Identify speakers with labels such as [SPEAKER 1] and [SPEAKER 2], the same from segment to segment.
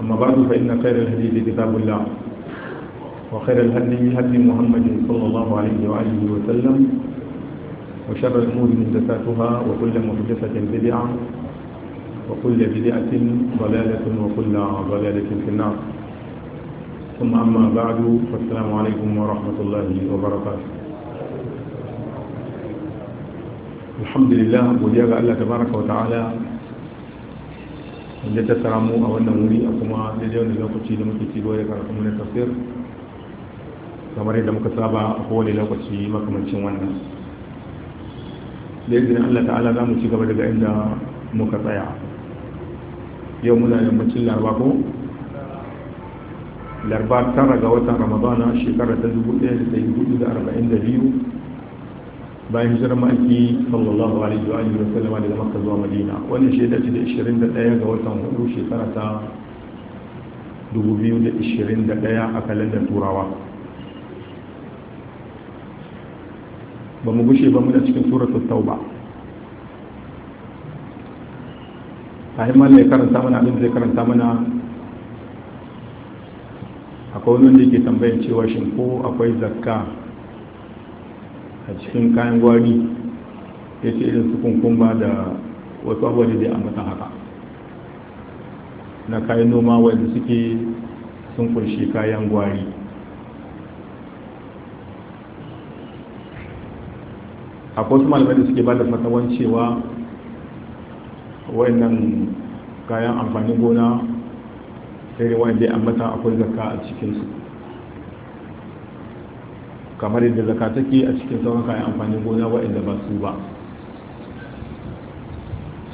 [SPEAKER 1] أما بعد فإن خير الحديث كتاب الله وخير الهدي هدي محمد صلى الله عليه وآله وسلم وشر الأمور محدثاتها وكل محدثة بدعة وكل بدعة ضلالة وكل ضلالة في النار ثم أما بعد فالسلام عليكم ورحمة الله وبركاته الحمد لله وجاء الله تبارك وتعالى inda ta samu a wannan wuri a kuma daidai wani lokaci da muke ci ya karatu na tafsir kamar yadda muka saba a kowane lokaci makamancin wannan da izinin allah ta'ala za mu ci gaba daga inda muka tsaya yau muna yammacin larba ko larba tara ga watan ramadana shekarar ta 1442 bayan hijirar ma'aiki sallallahu alaihi wa alihi sallam daga makka zuwa madina wannan shaida ce da 21 ga watan hudu shekara ta 2021 a kalandar turawa ba mu gushe ba mu da cikin suratul tauba a yi mallai karanta mana abin zai karanta mana akwai wani wanda yake tambayar cewa shin ko akwai zakka a cikin kayan gwari ya ce irin su kunkumba da wasu abuwa da dai ambatan haka na kayan noma wanda suke sun kunshi kayan gwari a su malamai da suke ba da fatawan cewa wayannan kayan amfanin gona sai wanda ambata akwai zakka a cikinsu kamar yadda zaka take a cikin sauran kayan amfanin gona waɗanda ba su ba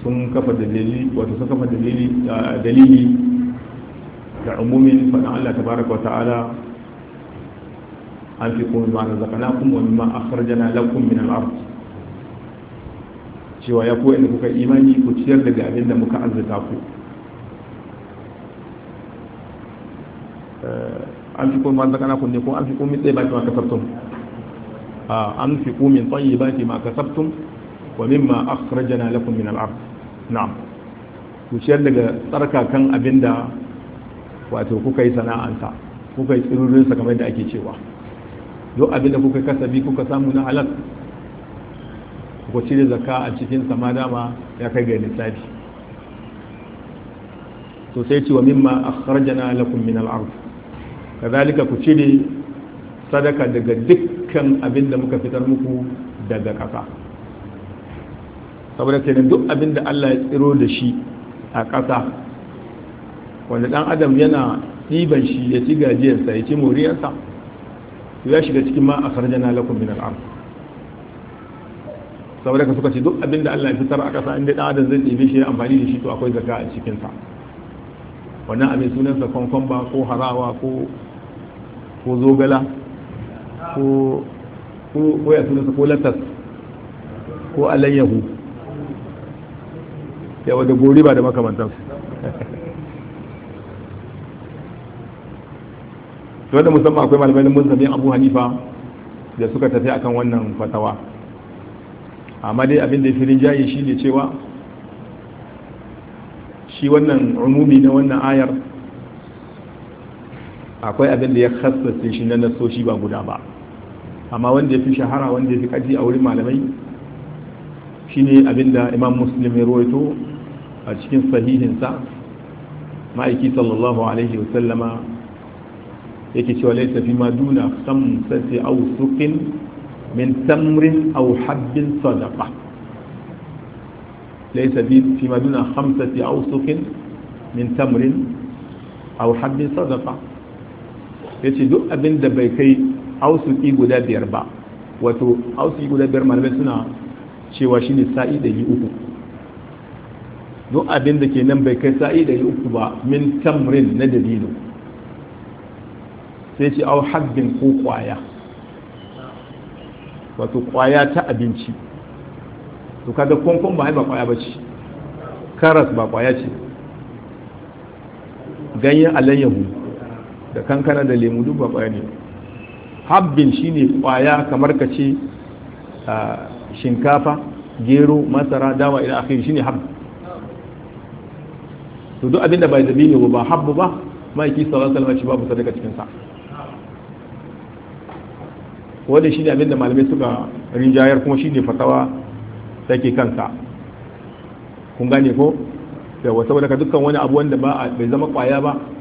[SPEAKER 1] sun kafa dalili wato sun kafa dalili dalili da umumin faɗin Allah tabaraka wa ta'ala an fi kuma ma na zakana kuma wani ma a lakum min al'ar cewa ya koya da kuka imani ku ciyar daga abin da muka arzuta ku anfiqu mimma razaqnakum ne ko anfiqu min baki ma kasabtum anfiqu min baki ma kasabtum wa min mimma akhrajna lakum min al-ard na'am ku ciyar daga tsarka tsarkakan abinda wato kuka yi sana'anta kuka yi tsirurin sa kamar da ake cewa duk abinda kuka kasabi kuka samu na halal Kuka cire zakka a cikin sama dama ya kai ga lissafi to sai ce wa mimma akhrajna lakum min al-ard kazalika ku cire sadaka daga dukkan abin da muka fitar muku daga ƙasa saboda kenan duk abin da Allah ya tsiro da shi a ƙasa wanda ɗan adam yana ɗiban shi ya ci gajiyarsa ya ci moriyarsa ya shiga cikin ma a sarjana min al'ar saboda ka suka ce duk abin da Allah ya fitar a ƙasa inda ɗan adam zai ɗibe shi ya amfani da shi to akwai zaka a cikinsa wannan abin sunansa kwankwamba ko harawa ko ko zogala ko ya sunansa ko latas ko alayyahu yawa da gori ba da su to wadda musamman akwai malamai musulmi abu hanifa da suka tafi akan wannan fatawa amma dai abin da firin jayi shi ne cewa shi wannan umumi na wannan ayar akwai abin da ya kasance shi na nasoshi ba guda ba amma wanda ya fi shahara wanda ya fi kaji a wurin malamai shi ne abin da imam muslim ya rawaito a cikin sahihinsa ma'aiki sallallahu alaihi wasallama yake cewa laisa fi ma duna samsati aw suqin min tamrin aw habbin sadaqa laisa fi ma duna khamsati au suqin min tamrin au habbin sadaqa ya ce duk abin da bai kai hausuki guda biyar ba wato hausuki guda biyar malamai suna cewa shi ne sa'i ɗari uku duk abin da ke nan bai kai sa'i ɗari uku ba min tamrin na dalilu sai ce au haɗin ko kwaya wato kwaya ta abinci to kaga kwankwan ba ba kwaya ba ce karas ba kwaya ce ganyen alayyahu da kankana da lemu duk ba ne habbin shine kwaya kamar ka ce shinkafa gero masara dawa ila akhiri shine habb to duk abinda bai zabi ne ba habbu ba maiki sallallahu alaihi wasallam babu sadaka cikin sa wanda shine abinda malamai suka rinjayar kuma shine fatawa take kansa kun gane ko yawa saboda ka dukkan wani abu wanda ba bai zama kwaya ba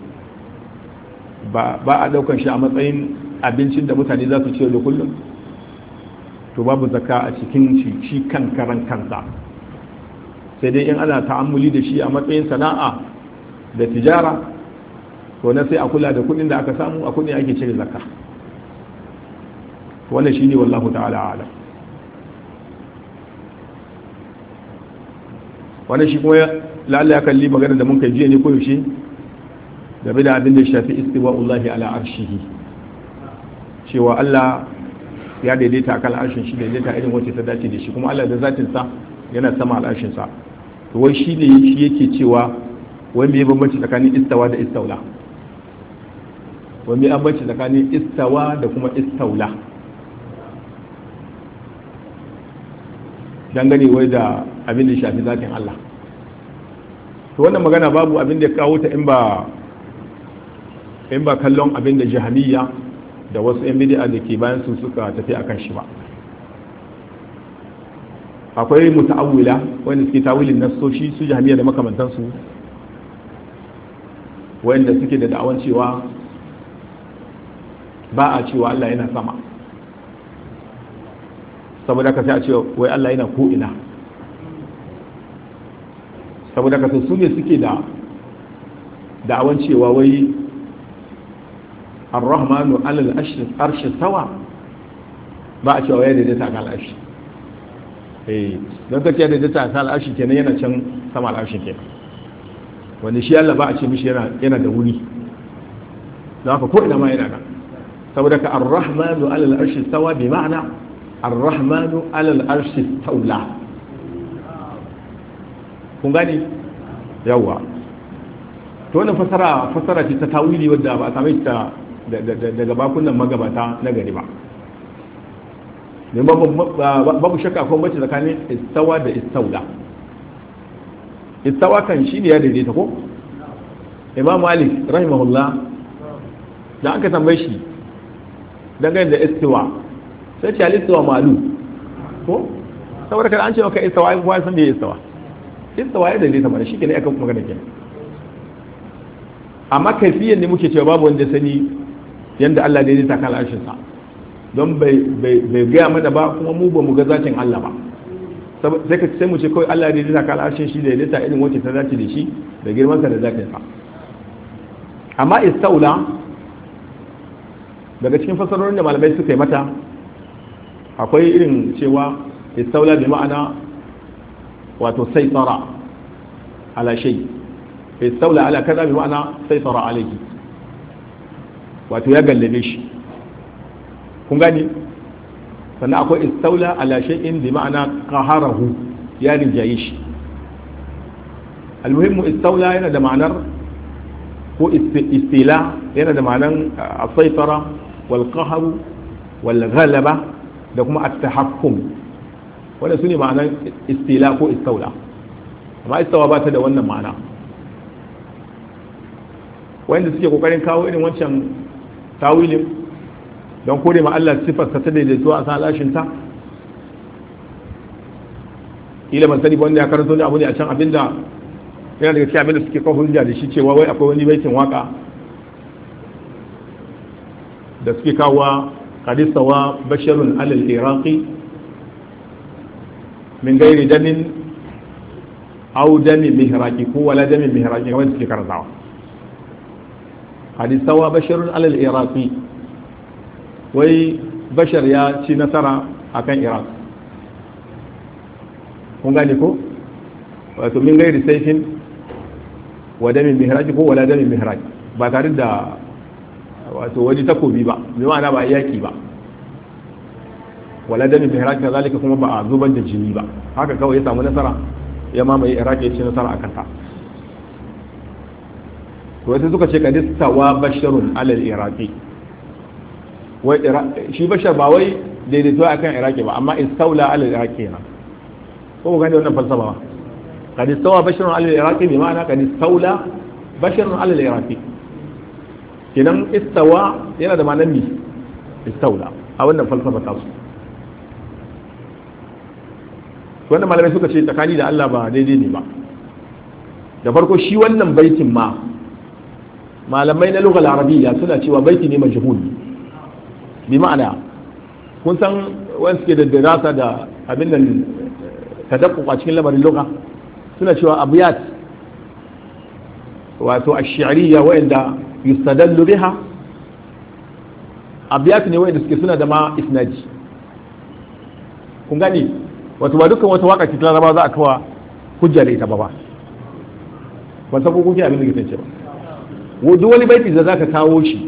[SPEAKER 1] ba a daukan shi a matsayin abincin da mutane za su ce da kullum to babu zakka a cikin shi shi kan karan kansa sai dai in ana ta'ammuli da shi a matsayin sana'a da tijara to na sai a kula da kudin da aka samu a kudin ake cire zakka wannan shine wallahu ta'ala ala wannan shi kuma la'alla ya kalli magana da mun kai jiya ne ko yaushe game da abin da shafi Allah ala arshihi cewa Allah ya daidaita kan arshin shi daidaita irin wacce ta dace da shi kuma Allah da zatin sa yana sama arshin sa to wai shi ne shi yake cewa wai me bambanci tsakanin istawa da istaula wai me bambanci tsakanin istawa da kuma istaula dangane wai da abin da shafi zatin Allah to wannan magana babu abin da ya kawo ta in ba in ba kallon abin da jihamiya da wasu yan bid'a da ke bayan su suka tafi akan shi ba akwai muta'awwila wanda suke tawilin nasoshi su jihamiya da makamantansu wanda suke da da'awan cewa ba a cewa Allah yana sama saboda ka sai a cewa wai Allah yana ko ina saboda ka su ne suke da da'awan cewa wai ar-rahmanu alal arshi tawa ba a cewa ya daidaita kan al'arshi eh don ka ce daidaita kan al'arshi kenan yana can sama al'arshi kenan wani shi Allah ba a ce mishi yana da wuri za ka ko ina ma yana nan saboda ka ar-rahmanu alal arshi sawa bi ma'ana ar-rahmanu alal arshi taula kun gani yawa to wannan fasara fasara ce ta tawili wadda ba a same ta daga bakunan magabata na gari ba babu shakka kuma bace tsakanin istawa da istaula istawa kan shi ne ya daidaita ko imam malik rahimahullah da aka tambaye shi dangane da istawa sai ce alistawa malu ko saboda kada an ce maka istawa ai kuwa san da istawa istawa ya daidaita mana shi ne aka magana kenan amma kafiyan ne muke cewa babu wanda sani yadda Allah ya ta kala sa don bai gaya mana ba kuma mu ba mu ga zacin Allah ba sai ka sai mu ce kawai Allah ya ta kala ashirin shi da ya ta irin wacce ta dace da shi da girman sa da zakin sa amma istaula daga cikin fasarorin da malamai suka yi mata akwai irin cewa istaula bi ma'ana wato sai tsara ala shay istaula ala kaza bi ma'ana sai tsara alayhi wato ya gallabe shi kun gani sannan akwai istaula ala shay'in bi ma'ana qaharahu ya rinjaye shi almuhimmu istaula yana da ma'anar ko istila yana da ma'anar uh, asaitara wal qaharu wal ghalaba da kuma at-tahakkum wanda su ne ma'anar istila ko istaula amma istawa ba ta da wannan ma'ana wanda suke kokarin kawo irin wancan tawilin don kore ma Allah sifarsa ta daidaito a san alashinta ila ban sani wanda ya karanto ne abu ne a can abinda yana daga cikin abinda suke kawo hujja da shi cewa wai akwai wani baitin waka da suke kawo wa basharun alal iraqi min gairi damin au dami mihraqi ko wala dami mihraqi kamar suke karantawa hadisawa basharun alal iraqi wai bashar ya ci nasara akan iraq kun gane ko wato min gairi saifin wa damin mihraj ko wala damin mihraj ba tare da wato wani takobi ba bi ma'ana ba yaki ba wala damin mihraj kazalika kuma ba a zuban da jini ba haka kawai ya samu nasara ya mamaye iraq ya ci nasara akan ta to sai suka ce kadis tawa basharun alal iraki. wai shi bashar ba wai daidaito akan iraki ba amma istaula alal iraki na ko ga ne wannan falsafa ba kadis tawa basharun alal iraki bi ma'ana kadis taula basharun alal iraki. kenan istawa yana da ma'anar ni istaula a wannan falsafa ta su wannan malamai suka ce tsakani da Allah ba daidai ne ba da farko shi wannan baitin ma malamai na lugar Arabiya suna cewa baiti ne majhul bi ma'ana kun san wani suke da dirasa da abin nan tadakku a cikin lamarin lugha suna cewa abiyat wato ash-shi'riyya wa'anda yustadallu biha abiyat ne wa'anda suke suna da ma isnadi kun gani wato ba dukkan wata waka ce ta za a kawa hujjar ita ba ba ban san ko kuke abin da ke tance ba duk wani baiti da zaka kawo shi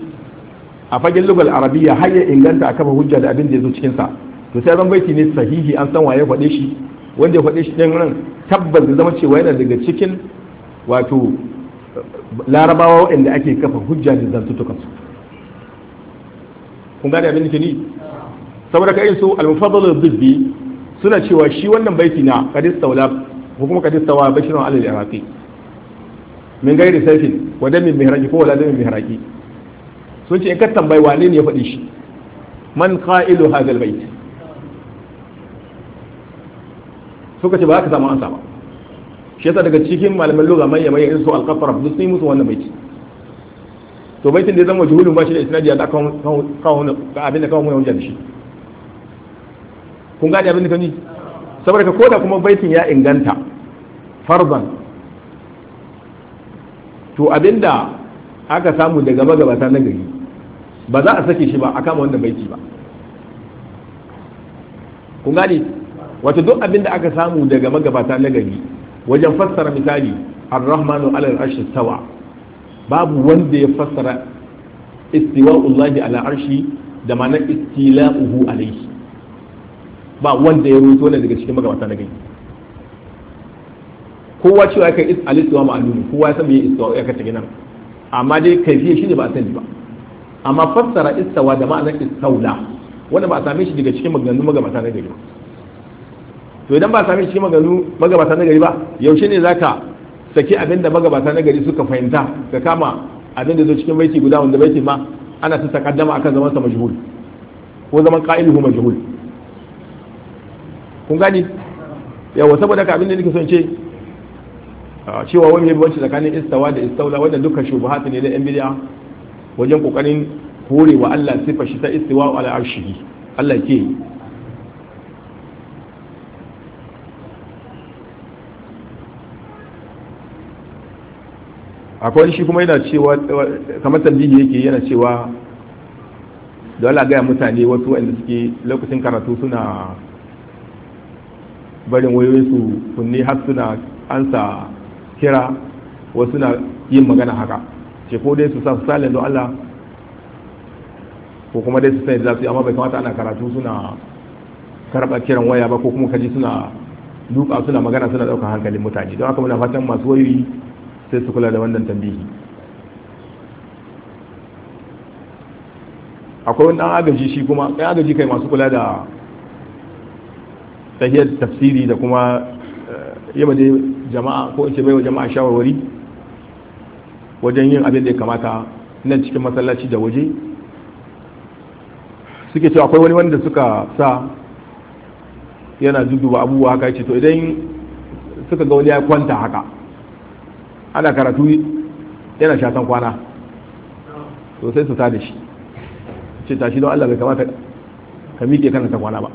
[SPEAKER 1] a fagen lugal arabiya har ya inganta a kafa hujja da abin da ya zo cikinsa to sai zan baiti ne sahihi an san waye faɗe shi wanda ya faɗe shi ɗin ran tabbas da zama cewa yana daga cikin wato larabawa waɗanda ake kafa hujja da zan su kun gane abin da ke ni saboda kai su al-mufaddal dubbi suna cewa shi wannan baiti na qadis tawlab ko kuma qadis tawa bashirun al-iraqi min gairi saifin wa dami mihraki ko wala dami mihraki sun ce in ka tambayi wane ne ya faɗi shi man qa'ilu hadal bait suka ce ba ka samu ansa ba shi yasa daga cikin malaman lugha mai yamai irin su al-qafar duk sai musu wannan baiti to baitin da ya zama juhulun ba shi da isnadi da kawo abin da kawo mu da shi kun gane abin da kani saboda ka koda kuma baitin ya inganta farzan to abinda aka samu daga magabata na gari ba za a sake shi ba a kama wanda bai ba kun gane wato duk abinda aka samu daga magabata na gari wajen fassara misali ar-rahmanu ala al-arshi tawa, babu wanda ya fassara istiwa'ullahi ala arshi da ma'anar istila'uhu alayhi ba wanda ya rubuto ne daga cikin magabata na gari kowa cewa kai is alistuwa ma'alumi kowa ya san meye istuwa ya kace gina amma dai kaifiye shi ne ba a sani ba amma fassara istawa da ma'anar istaula wanda ba a same shi daga cikin maganganu magabata na gari ba? to idan ba a same shi cikin maganganu magabata na gari ba yaushe ne zaka saki abin da magabata na gari suka fahimta ka kama abin da zo cikin baiti guda wanda baiti ma ana ta takaddama akan zaman sa majhul ko zaman qa'iluhu majhul kun gani yawa saboda ka abin da nake in ce Ah, cewa wani yabi wacce tsakanin istawa da istaula wanda duka shubuhatu ne da yan bid'a wajen kokarin hore wa Allah sifa shi ta istiwa ala arshihi Allah ke akwai shi kuma yana cewa kamar tambayi yake yana cewa da Allah gaya mutane wasu wanda suke lokacin karatu suna barin wayoyinsu kunne har suna ansa kira wasu na yin magana haka ce ko dai su sa salin don Allah ko kuma dai su sai za su amma bai kamata ana karatu suna karba kiran waya ba ko kuma kaji suna duka suna magana suna ɗaukar hankalin mutane don haka muna fatan masu wayoyi sai su kula da wannan tambihi akwai wani ɗan agaji shi kuma ɗan agaji kai masu kula da tahiyar tafsiri da kuma eh, yaba dai jama'a ko in ce baiwa jama'a shawarwari wajen yin abin da ya kamata nan cikin masallaci da waje suke cewa akwai wani wanda suka sa yana duduba abubuwa haka ce to idan suka ga wani ya kwanta haka ana karatu yana shatan kwana to sai su ta da shi ce tashi don Allah bai kamata ka miƙe kana ta kwana ba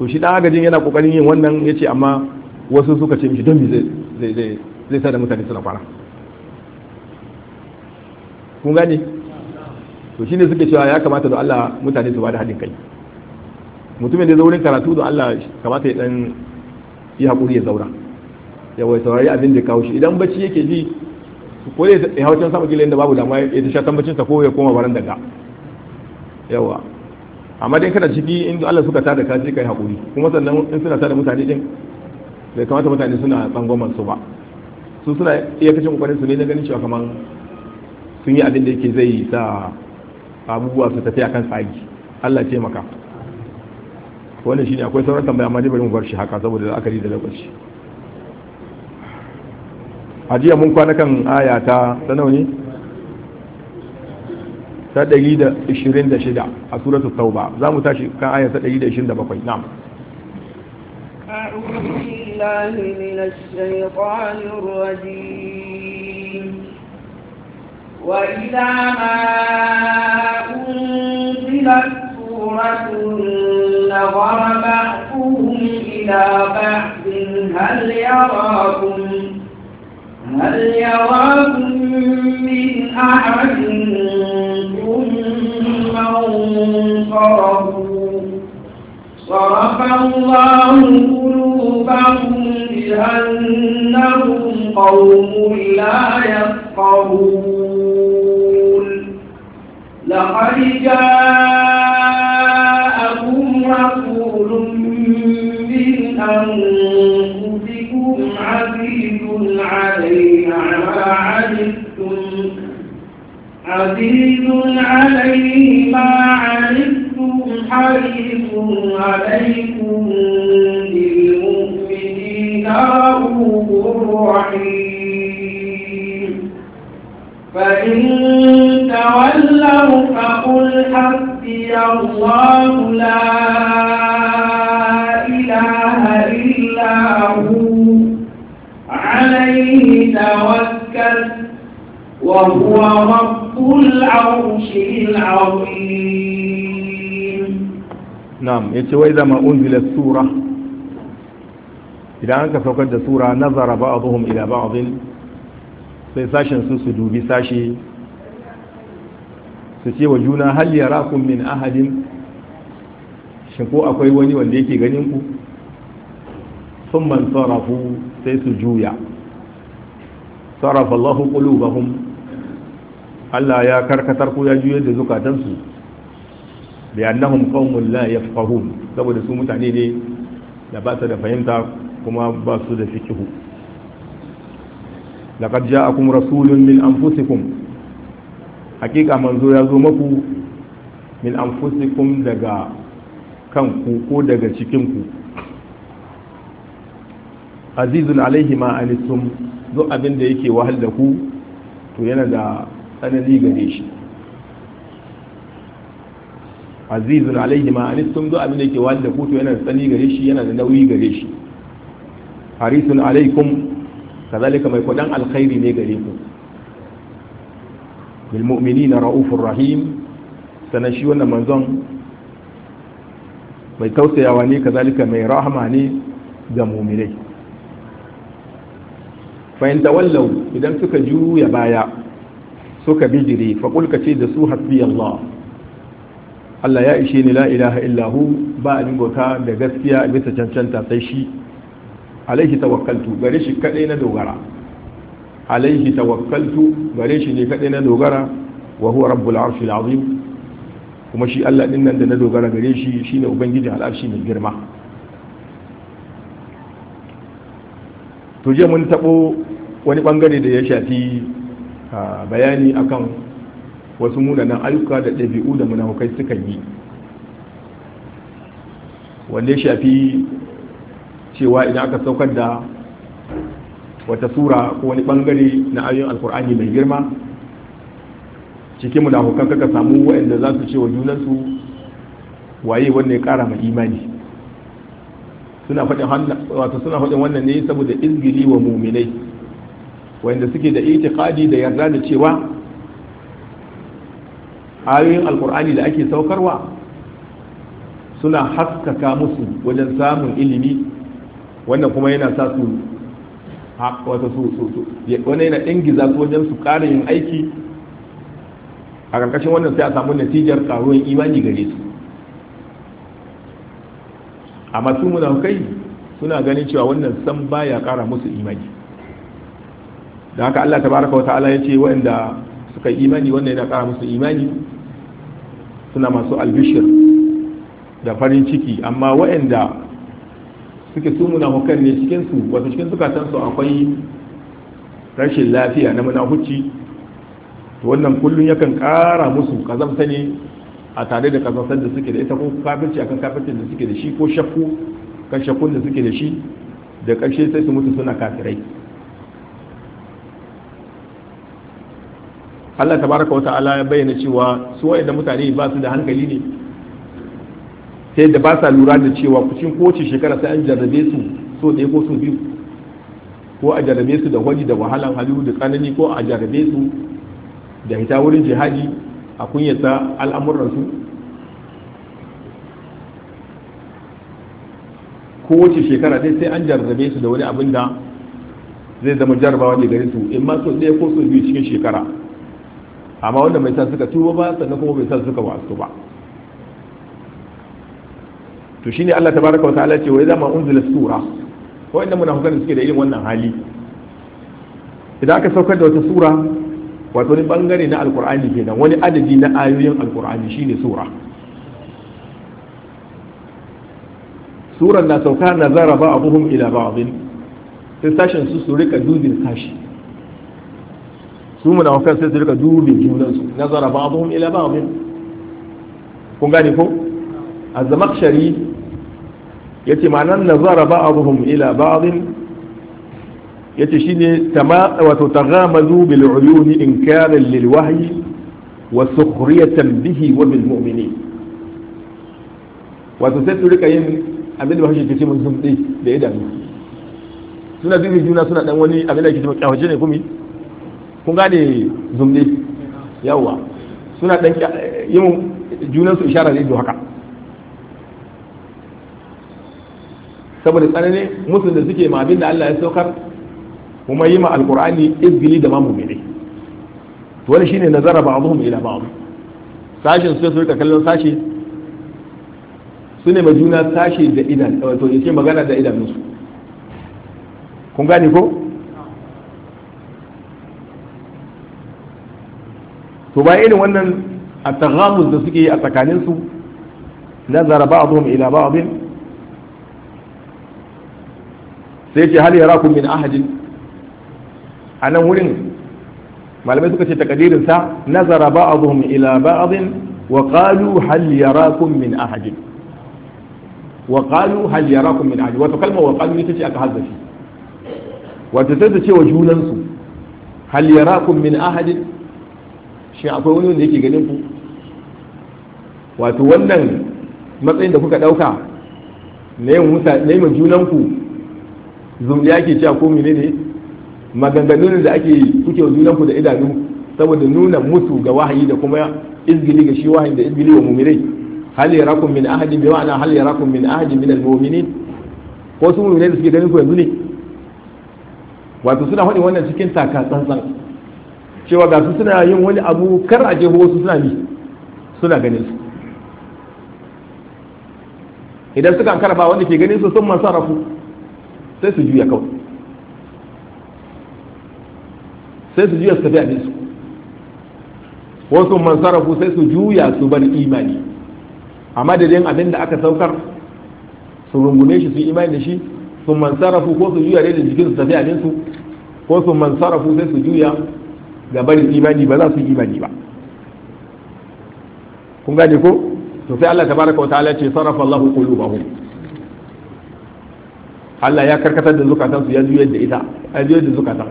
[SPEAKER 1] to shi dan agajin yana kokarin yin wannan yace amma wasu suka ce mishi don mi zai sa da mutane suna kwana kun gane to shine suke cewa ya kamata da Allah mutane su bada haɗin kai mutumin da ya zaurin karatu da Allah kamata ya dan yi hakuri ya zaura ya wai saurari abin da kawo shi idan bacci yake ji ko ne ya hau can samun inda babu damuwa ya ta sha tambacin sa ko ya koma baran daga yawa amma dai kana ciki in Allah suka tada ka je kai hakuri kuma sannan in suna tada mutane din bai kamata mutane suna tsangwamar su ba sun suna iya kashe kokarin su ne na ganin cewa kamar sun yi abin da yake zai sa abubuwa su tafi kan tsagi Allah ce maka wannan shine akwai sauran tambaya amma dai bari mu bar shi haka saboda da akari da lokaci hajiya mun kwana kan aya ta sanau ne ta 126 a suratu tauba za mu tashi kan aya ta 127 na'am
[SPEAKER 2] أعوذ بالله من الشيطان الرجيم وإذا ما أنزلت سورة نظر بعضهم إلى بعض هل يراكم
[SPEAKER 3] هل يراكم
[SPEAKER 2] من أحد ثم انصرفوا صرف الله تتبعهم بأنهم قوم لا يفقهون لقد جاءكم رسول من أنفسكم عزيز عليه ما عجبتم عزيز عليه ما عنتم حريص عليكم فإن تولوا فقل حسبي الله لا إله إلا هو عليه توكل وهو رب العرش العظيم
[SPEAKER 1] نعم يتوى إذا ما أنزل السورة إذا أنك فقد سورة نظر بعضهم إلى بعض sai sashen su su dubi sashe su ce wa juna ya rakun min ahadin shi ko akwai wani wanda yake ganin ku sun man sarrafu sai su juya sarrafa Allahu qulubahum Allah ya karkatar ku ya juye da zukatansu yadda hun kawun la yafqahun saboda su mutane ne da ba su da fahimta kuma ba su da fikihu ja a kuma rasulun min anfusikum hakika manzo ya zo maku min anfusikum daga kanku ko daga cikinku azizun alaihi ma anitum duk abin da yake wahal da ku to yana da tsanani gare shi azizun alaihi ma anitum duk abin da yake wahal da ku to yana da tsanani gare shi yana da nauyi gare shi harisun alaikum kazalika mai kudan alkhairi ne gare ku bil mu'minina raufur rahim sanan shi wannan manzon mai tausayawa ne kazalika mai rahama ne ga mu'minai fa in idan suka juya baya suka bijire fa ce da su hasbi Allah Allah ya ishe ni la ilaha illahu ba abin bauta da gaskiya bisa cancanta sai shi alaihi tawakkaltu gare shi kadai na dogara alaihi tawakkaltu gare shi ne kadai na dogara wa huwa rabbul arshi azim kuma shi Allah din nan da na dogara gare shi shine ubangijin al'arshi mai girma to je mun tabo wani bangare da ya shafi bayani akan wasu munanan ayyuka da ɗabi'u da munafukai suka yi wanda ya shafi cewa idan aka saukar da wata sura ko wani bangare na ayoyin alkur'ani mai girma cikin munafukan kaka samu wa'anda za su ce wa junansu waye wanda ya kara mai imani suna faɗin wannan ne saboda izgili wa muminai wa'anda suke da itikadi da yarda da cewa ayoyin alkur'ani da ake saukarwa suna haskaka musu wajen samun ilimi wannan kuma yana sa su wata su su su wani yana ingiza su wajen su ƙara yin aiki a ƙarƙashin wannan sai a samu natijar ƙaruwar imani gare su amma su kai suna ganin cewa wannan san baya ƙara musu imani da haka Allah tabaraka wa ta'ala ce waɗanda suka imani wannan yana ƙara musu imani suna masu albishir da farin ciki amma waɗanda suke su munafukan ne cikin su wato cikin zukatan su akwai rashin lafiya na munafuci to wannan kullun yakan kara musu kazamta ne a tare da kazamtar da suke da ita ko kafirci akan kafircin da suke da shi ko shakku kan shakkun da suke da shi da ƙarshe sai su mutu suna kafirai Allah tabaraka wa ta'ala ya bayyana cewa su wa'anda mutane ba su da hankali ne ta yadda ba sa lura da cewa kucin kowace shekara sai an jarrabe su so ɗaya ko so biyu ko a jarrabe su da wani da wahalan halilu da tsanani ko a jarrabe su da hita wurin jihadi a kunyata al'amuransu kowace shekara dai sai an jarrabe su da wani abin da zai zama jarrabawa ne gare su in ma so ɗaya ko so biyu cikin shekara amma wanda mai sa suka tuba ba sannan kuma bai sa suka wasu ba to shine Allah tabaraka wa ta'ala ce wa idza ma unzila sura ko inda munafikan suke da irin wannan hali idan aka saukar da wata sura wato wani bangare na alkur'ani kenan wani adadi na ayoyin alkur'ani shine sura suran na sauka na zara ba abuhum ila ba'dhin sai sashen su su rika dubin sashi su munafikan sai su rika dubin junansu na zara ba abuhum ila ba'dhin kun gane ko a zamakshari ya ce ma'anar a ba'aduhum ila ba'adin ya ce shi ne wato tagamazu bil uyuni inkarin lil wahyi wa sukhriyatan bihi wa bil wato sai su rika yin abin da bahaushe ke ce mun zumbi da idanu suna dubi suna dan wani abin da ne kuma suna da haka saboda tsanani, musulun da suke ma da Allah ya saukar kuma yi ma alkur'ani izgili da mamu mene to wani shine nazara ba abuhum ila ba'd sashin su su rika kallon sashi su ne majuna sashi da idan to yace magana da musu kun gane ko to ba irin wannan at-taghamus da suke yi a tsakaninsu nazara ba'dhum ila ba'd sai ce hal yarakum min ahadin a nan wurin malamai suka ce takadirin sa nazara ba'dhum ila ba'dhin wa qalu hal yarakum min ahadin wa qalu hal yarakum min ahadin wato kalmar wa qalu ita ce aka shi wato sai ta ce wa junansu hal yarakum min ahadin shi akwai wani wanda yake ganin ku wato wannan matsayin da kuka dauka na yin musa na yin junanku zumbi ake cewa ko ne maganganun da ake kuke junan ku da idanu saboda nuna musu ga wahayi da kuma izgili ga shi wahayi da izgili wa mu'minai hal yarakum min ahadi bi ma'ana hal yarakum min ahadi min al-mu'minin ko su mu'minai da suke ganin ku yanzu ne wato suna faɗin wannan cikin taka tsantsan cewa ga su suna yin wani abu kar a jeho su suna bi suna ganin su idan suka karba wanda ke ganin su sun masarafu sai su juya kawai sai su juya su tafi abin su wasu man sarrafu sai su juya su bar imani a madadin abin da aka saukar su rungume shi su imani da shi sun man sarrafu ko su juya da jikin su tafi abin su ko sun man sarrafu sai su juya ga bari imani ba za su yi imani ba kun gane ko to sai Allah tabaraka wa ta'ala ce sarrafa Allahu qulubahum Allah ya karkatar da zukatan su ya juyar da ita ya juyar da zukatan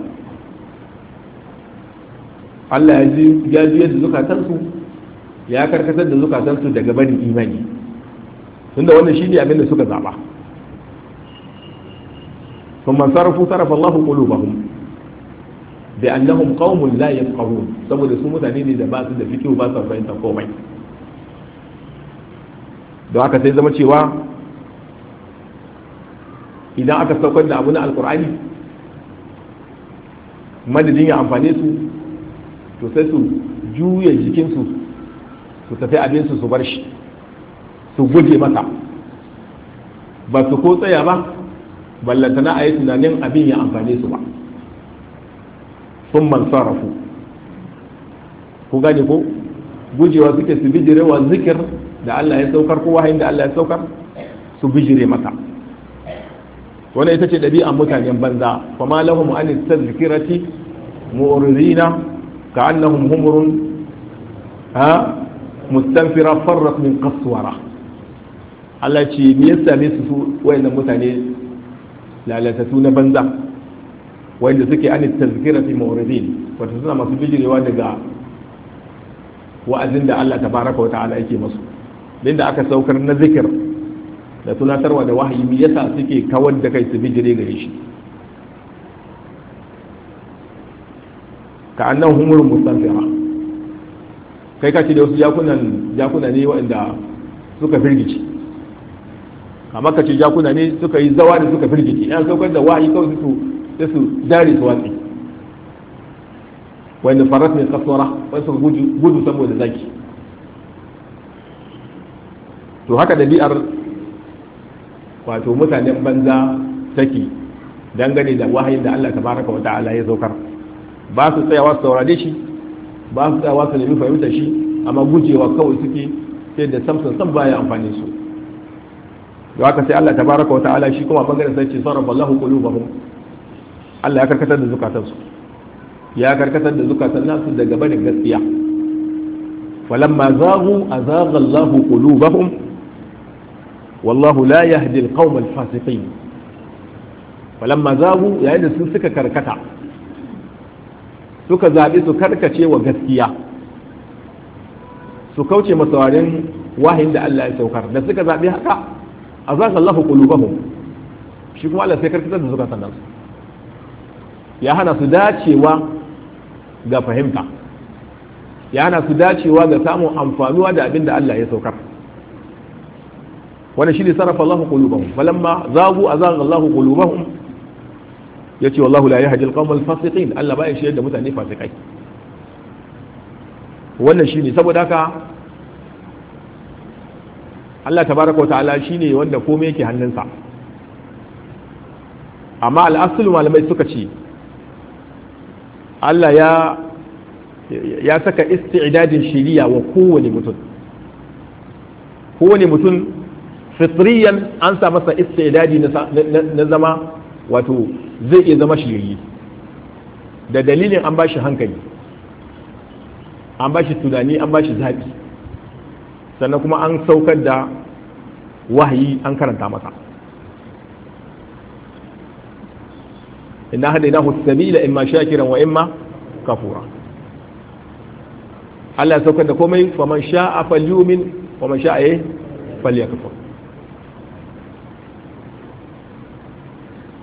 [SPEAKER 1] Allah ya juyar da zukatan su ya karkatar da zukatan su daga barin imani tunda wannan ne abin da suka zaba Kuma ثم صرفوا صرف الله bi annahum qaumun la يفقهون saboda su mutane ne da ba su da fikihu ba su fahimta komai don haka sai zama cewa idan aka saukar da abu na alkur'ani madadin ya amfane su to sai su juya jikinsu su tafi abinsu su bar shi su guje masa ba su ko tsaya ba ballantana a yi tunanin abin ya amfane su ba sun man sarrafu ku gane ko gujewa suke su bijirewa zikir da Allah ya saukar ko wahayin da Allah ya saukar su bijire masa Wani ita ce ɗabi'an mutanen banza kuma lahum an tazkirati mu'ridina ka annahum humurun ha mustanfira min Allah ce me ya same su su wayannan mutane lalatatu na banza wanda suke an fi mu'ridin wato suna masu bijirewa daga wa'azin da Allah tabaraka wa ta'ala yake masu din aka saukar na zikir da tunatarwa da wahayi me yasa suke kawar da kai su bijire gare shi ka annan humurin mustanfira kai ka ce da wasu jakunan jakuna ne waɗanda suka firgici amma ka ce jakuna ne suka yi zawa da suka firgici yan saukar da wahayi kawai su su dare su watsi wanda faras mai kasuwara wani suka gudu saboda zaki to haka ɗabi'ar wato mutanen banza take dangane da wahayin da Allah tabaraka wa ta'ala ya zaukar ba su tsayawa su saurare shi ba su tsayawa su nemi fahimta shi amma gujewa kawai suke sai da samson san baya amfani su da haka sai Allah tabaraka wa ta'ala shi kuma bangaren sai ce sarrafa Allahu qulubahum Allah ya karkatar da su ya karkatar da zukatan nasu daga barin gaskiya falamma zaghu azagha Allahu qulubahum wallahu la yahdi alqawm alfasiqin falamma zagu yayin da su karkata suka zaɓi su karkace wa gaskiya su kauce masawarin wahayin da Allah ya saukar da suka zaɓi haka a za lafa ƙulubahun shi kuma Allah sai suka su dacewa ga fahimta ya su dacewa ga samun amfanuwa da abin da Allah ya saukar wani ne sarrafa Allahu qulubahum falamma zagu azaga Allahu qulubahum yace wallahu la yahdi al-qawm kamar fasiqin Allah ba ya shirye da mutane fasikai wannan shi ne saboda haka Allah tabaraka wa ta'ala shi ne wanda komai yake hannunsa amma al'asulu malamai suka ce Allah ya ya saka isti'dadin shiriya wa kowane mutum kowane mutum fitriyan an sa masa istidadi na zama wato zai iya zama shirye da dalilin an bashi hankali an bashi tunani an bashi zaɓi sannan kuma an saukar da wahayi an karanta masa inna hu sabila imma shakiran wa imma kafura Allah ya saukar da komai faman sha'a falyumin faman sha'a eh, falyakfur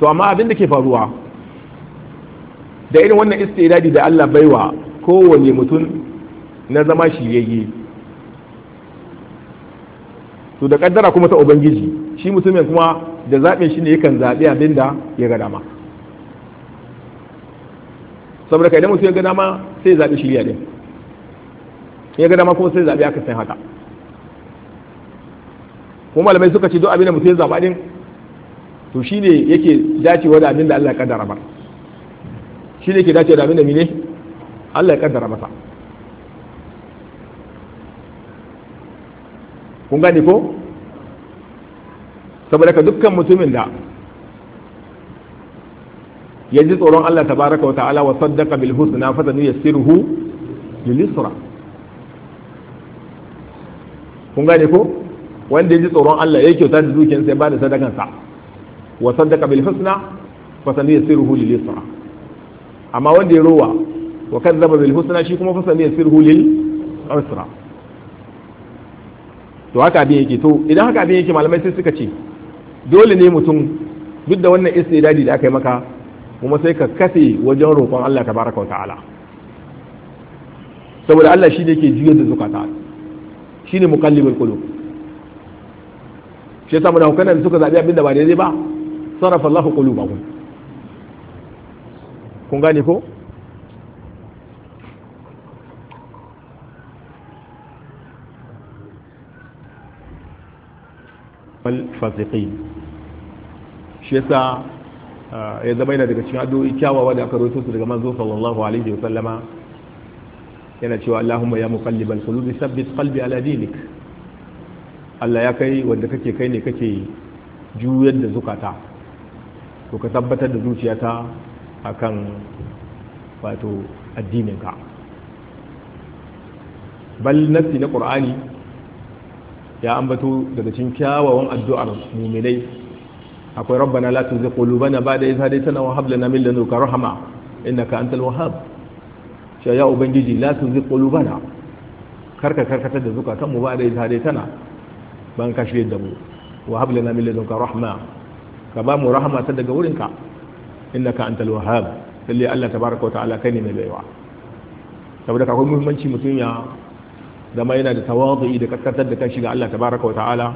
[SPEAKER 1] to amma abin da ke faruwa da irin wannan istidadi da Allah baiwa kowane mutum na zama shiryayye to da kaddara kuma ta ubangiji shi mutumin kuma da zaɓin shi ne yakan zaɓi abin da ya ga dama saboda kai da mutum ya ga dama sai ya zaɓi shirya din ya ga dama kuma sai ya zaɓi aka san haka kuma malamai suka ce duk abin da mutum ya zaɓa din to shi ne yake dacewa da abin da Allah ya kaddara shi ne yake dacewa da abin da mine Allah ya kaddara masa kun gane ko saboda ka dukkan mutumin da ya ji tsoron Allah baraka wa ta'ala wa saddaka bil husna fa sanu yassiruhu lil yusra kun gane ko wanda ya ji tsoron Allah ya kyauta da dukiyarsa ya bada da sadakansa. wa saddaka bil husna fa saniyasiruhu lil yusra amma wanda ya rowa wa kazzaba bil husna shi kuma fa saniyasiruhu lil usra to haka abin yake to idan haka abin yake malamai sai suka ce dole ne mutum duk da wannan istidadi da aka yi maka kuma sai ka kafe wajen roƙon Allah tabaraka wa ta'ala saboda Allah shi ne ke jiyar da zukata shi ne muqallibul qulub shi yasa muna da suka zabi abin da ba daidai ba sarrafa Allahu qulubahum kun gane ko fasiqin shi yasa eh, ya zama yana daga cikin addu'o'i kyawawa da aka rawaito su daga manzo sallallahu alaihi wa sallama yana cewa Allahumma ya muqallibal qulubi thabbit qalbi ala dinik Allah ya kai wanda kake kai ne kake juyar da zukata to ka tabbatar da zuciyata a kan wato addininka bal nassi na qur'ani ya ambato daga cin kyawawan addu'ar mu'minai akwai rabbana la tuzigh qulubana dai tana wahab da hab lana min ladunka rahma ka antal wahab sha ya ubangiji la tuzigh qulubana karka karkatar da zukatan mu ba'da idh hadaytana ban ka shirye da mu wahab da lana min ladunka rahma ka ba mu rahama ta daga wurinka innaka antal wahhab lalle Allah tabaraka wa ta'ala kai ne mai baiwa saboda ka akwai muhimmanci mutum ya zama yana da tawadu'i da kaskantar da kanshi ga Allah tabaraka wa ta'ala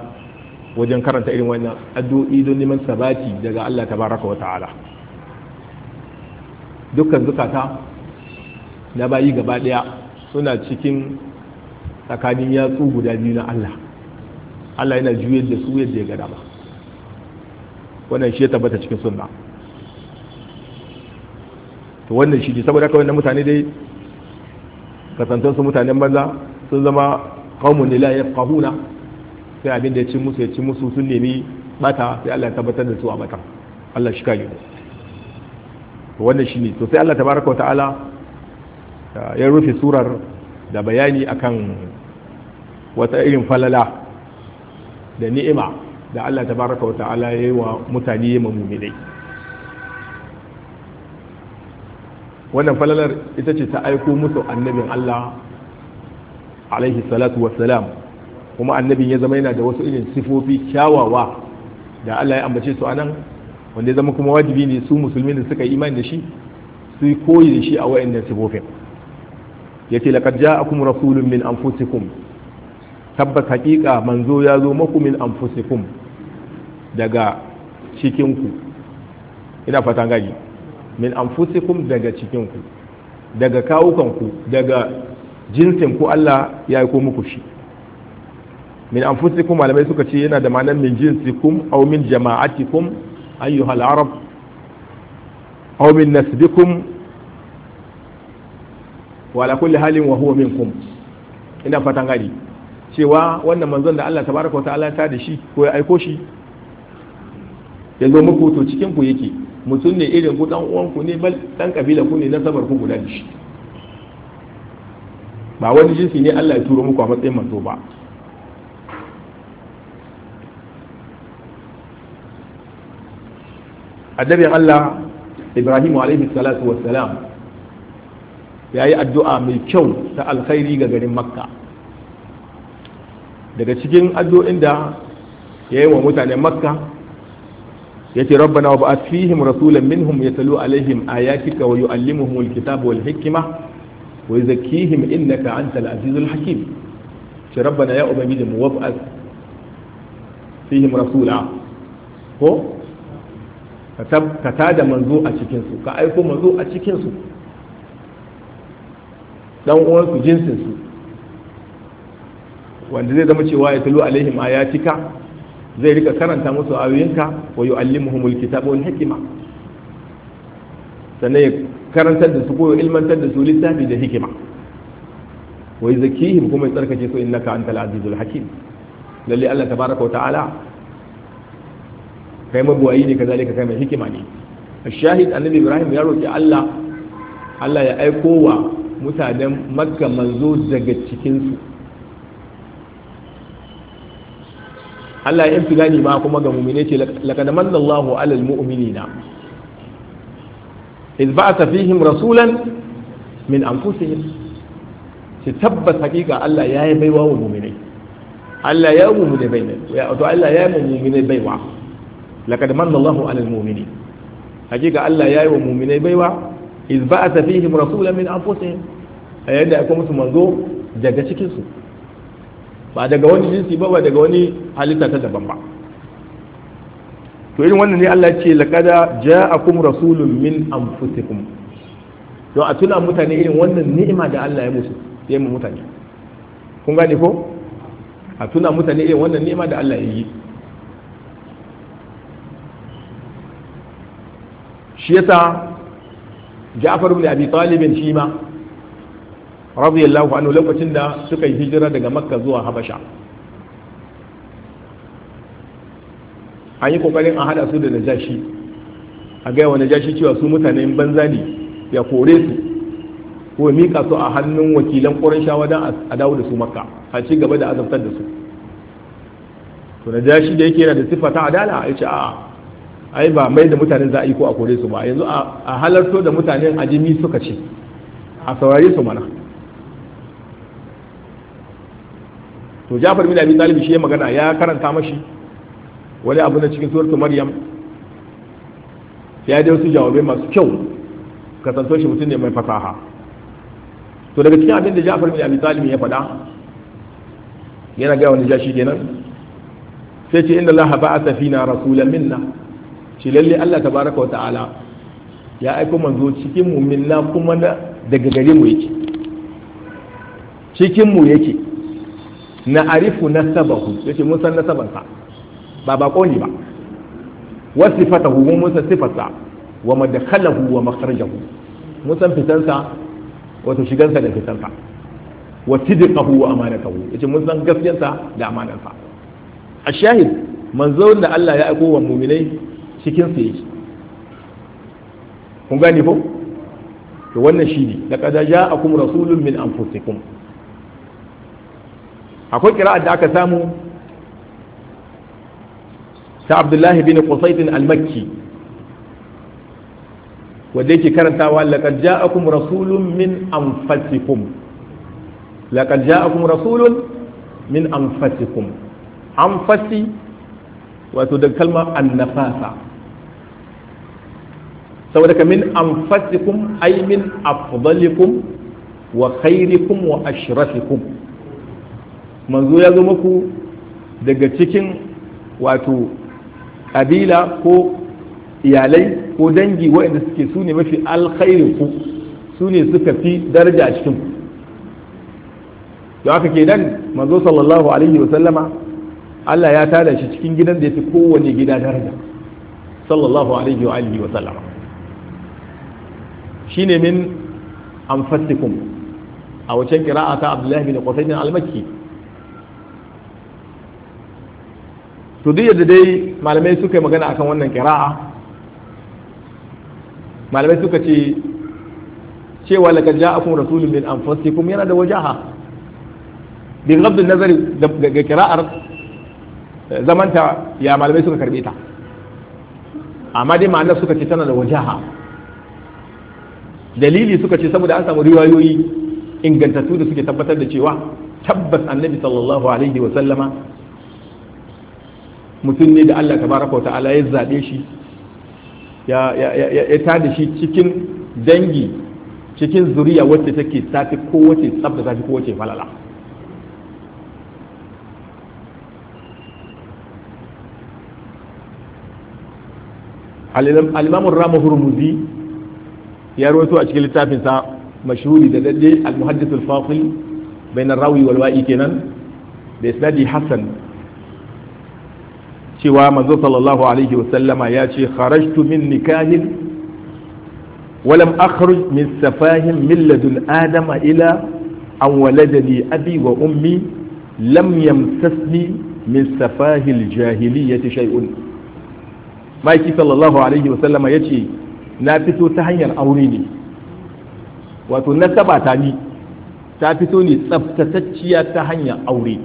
[SPEAKER 1] wajen karanta irin wannan addu'o'i don neman sabati daga Allah tabaraka wa ta'ala dukkan zukata na bayi gaba daya suna cikin tsakanin yatsu guda biyu na Allah Allah yana juyar da su yadda ya ga dama wannan shi ya tabbata cikin sunna to wannan shi saboda haka wannan mutane dai kasantar su mutanen banza sun zama qaumun la yafqahuna sai abin da ya ci musu ya ci musu sun nemi bata sai Allah ya tabbatar da su a bata Allah shi kage to wannan shi ne to sai Allah tabaraka ta'ala ya rufe surar da bayani akan wata irin falala da ni'ima da Allah ta baraka wa ta'ala ya yi wa mutane ya mamuminai wannan falalar ita ce ta aiko musu annabin Allah alaihi salatu wa salam kuma annabin ya zama yana da wasu irin sifofi kyawawa da Allah ya ambace su anan wanda ya zama kuma wajibi ne su musulmi da suka imani da shi su yi koyi da shi a wayannan sifofin ya yace laqad ja'akum rasulun min anfusikum tabbas haqiqa manzo ya zo maku min anfusikum daga cikinku ina fatan gaji min anfusikum daga cikinku daga kawukanku daga jinsinku Allah ya yi ko muku shi min anfusikum malamai suka ce yana da ma'anar min jinsikum aw min jama'atikum ayyuhal arab aw min nasbikum wa ala kulli halin wa huwa minkum ina fatan gani cewa wannan manzon da Allah tabaraka wa ta'ala ta da shi ko ya aiko shi ya zo muku to cikin ku yake mutum ne irin ku dan uwan ku ne bal dan kabila ku ne na sabar ku guda shi ba wani jinsi ne Allah ya turo muku a matsayin manzo ba adabi Allah Ibrahim alaihi salatu wassalam ya yi addu'a mai kyau ta alkhairi ga garin makka daga cikin addu'in da ya yi wa mutanen makka yace rabbana wa ba'ath fihim rasulan minhum yatlu alaihim ayatika wa yu'allimuhum alkitaba wal hikma wa yuzakkihim innaka antal azizul hakim ce rabbana ya ubangiji mu wab'ath fihim rasula ko ka tada manzo a cikin su ka aiko manzo a cikin su dan uwan su jinsin su wanda zai zama cewa ya tulu alaihim ayatika zai rika karanta musu ayoyinka wa yu'allimuhumul kitaba wal hikma sannan ya karantar da su ko ilmantar da su lissafi da hikima wa yuzakkihim kuma ya tsarkake su innaka antal azizul hakim lalle Allah tabaraka wa ta'ala kai mabuwayi ne kazalika kai mai hikima ne shahid annabi ibrahim ya roki Allah Allah ya aiko wa mutanen makka manzo daga cikinsu Allah ya imtidani ma kuma ga mu'mine ce laqad manna Allahu 'alal mu'minina iz ba'atha fihim rasulan min anfusihim ce tabbas hakika Allah ya yi baiwa wa mu'minai Allah ya mu da bai wato Allah ya mu mu'minai baiwa laqad manna Allahu 'alal mu'minin hakika Allah ya yi wa mu'minai baiwa iz ba'atha fihim rasulan min anfusihim ayanda akwai musu manzo daga cikin su ba daga wani jinsi ba ba daga wani halitta ta daban ba to irin wannan ne Allah ce laqada ja'akum rasulun min anfusikum don a tuna mutane irin wannan ni'ima da Allah ya musu ya mu mutane kun gane ko a tuna mutane irin wannan ni'ima da Allah ya yi shi yasa Ja'far ibn Abi Talib shi ma radiyallahu anhu lokacin da suka yi hijira daga makka zuwa habasha an yi kokarin a hada su da najashi a gaya wa najashi cewa su mutanen banza ne ya kore su ko mika su a hannun wakilan shawa don a dawo da su makka a ci gaba da azabtar da su to najashi da yake yana da sifa ta adala a ce a'a ai ba mai da mutane za a yi ko a kore su ba yanzu a halarto da mutanen ajimi suka ce a saurari su mana to Ja'far bin Abi Talib shi ya magana ya karanta mashi wani abu na cikin suratul Maryam ya da wasu jawabai masu kyau kasantar shi mutum ne mai fasaha to daga cikin abin da Ja'far bin Abi Talib ya faɗa yana ga wani jashi kenan sai ce inna Allah ba'atha fina rasulan minna shi lalle Allah tabaraka wa ta'ala ya aiko manzo cikin mu minna kuma daga gare mu yake cikin mu yake na arifu Ya ce mun san sabansa ba ba ne ba wa sifatahu mun san sifarsa wa madkhalahu wa makhrajahu mun san fitansa wata shigansa da fitansa wa sidqahu wa amanatahu ce mun san gaskiyarsa da amanarsa a shahid zo da Allah ya aiko wa mu'minai cikin su yake kun gane ko to wannan shi ne laqad ja'akum rasulun min anfusikum akwai kira'ar da aka samu ta abdullahi bin qusaytin Almakki. makki wanda yake karantawa laqad ja'akum rasulun min anfusikum laqad ja'akum rasulun min anfusikum anfasi wato da kalmar annafasa saboda ka min anfasikum ai min afdalikum wa khairikum wa ashrafikum manzo ya zo muku daga cikin wato ƙabila ko iyalai ko dangi waɗanda suke su ne mafi alkhairin ku su ne suka fi daraja a cikin da haka ke nan manzo sallallahu alaihi wa sallama Allah ya tada shi cikin gidan da ya fi kowane gida daraja sallallahu alaihi wa alihi wa sallama shine min amfatikum a wacce kira'a ta Abdullahi bin Qutayn al-Makki to duk yadda dai malamai suka yi magana akan wannan kira'a malamai suka ce cewa ja akun rasulun min kuma yana da wajaha bin ghadd nazari ga kira'ar eh, zamanta ya malamai suka karbe ta amma dai ma'anar suka ce tana da wajaha dalili suka ce saboda an samu riwayoyi ingantattu da suke tabbatar da cewa tabbas annabi sallallahu alaihi wa sallama mutum ne da Allah tabaraka wa ta'ala ya zaɓe shi ya da shi cikin dangi cikin zuriya wacce take tafi kowace wacce tafi kowace falala alimamun imamun hurmuzi ya rawaito a cikin littafinsa mashuri da daddai al-muhaddith al-fasil bainar rawi wal kenan da isnadi Hassan. cewa manzo sallallahu alaihi wasallama ya ce kharajtu min nikahin walam akhruj min safahin min ladun adama ila an waladani abi wa ummi lam yamsasni min safahil jahiliyyati shay'un maiki sallallahu alaihi wasallama ya ce na fito ta hanyar aure ne wato na ta ni ta fito ne tsaftatacciya ta hanyar aure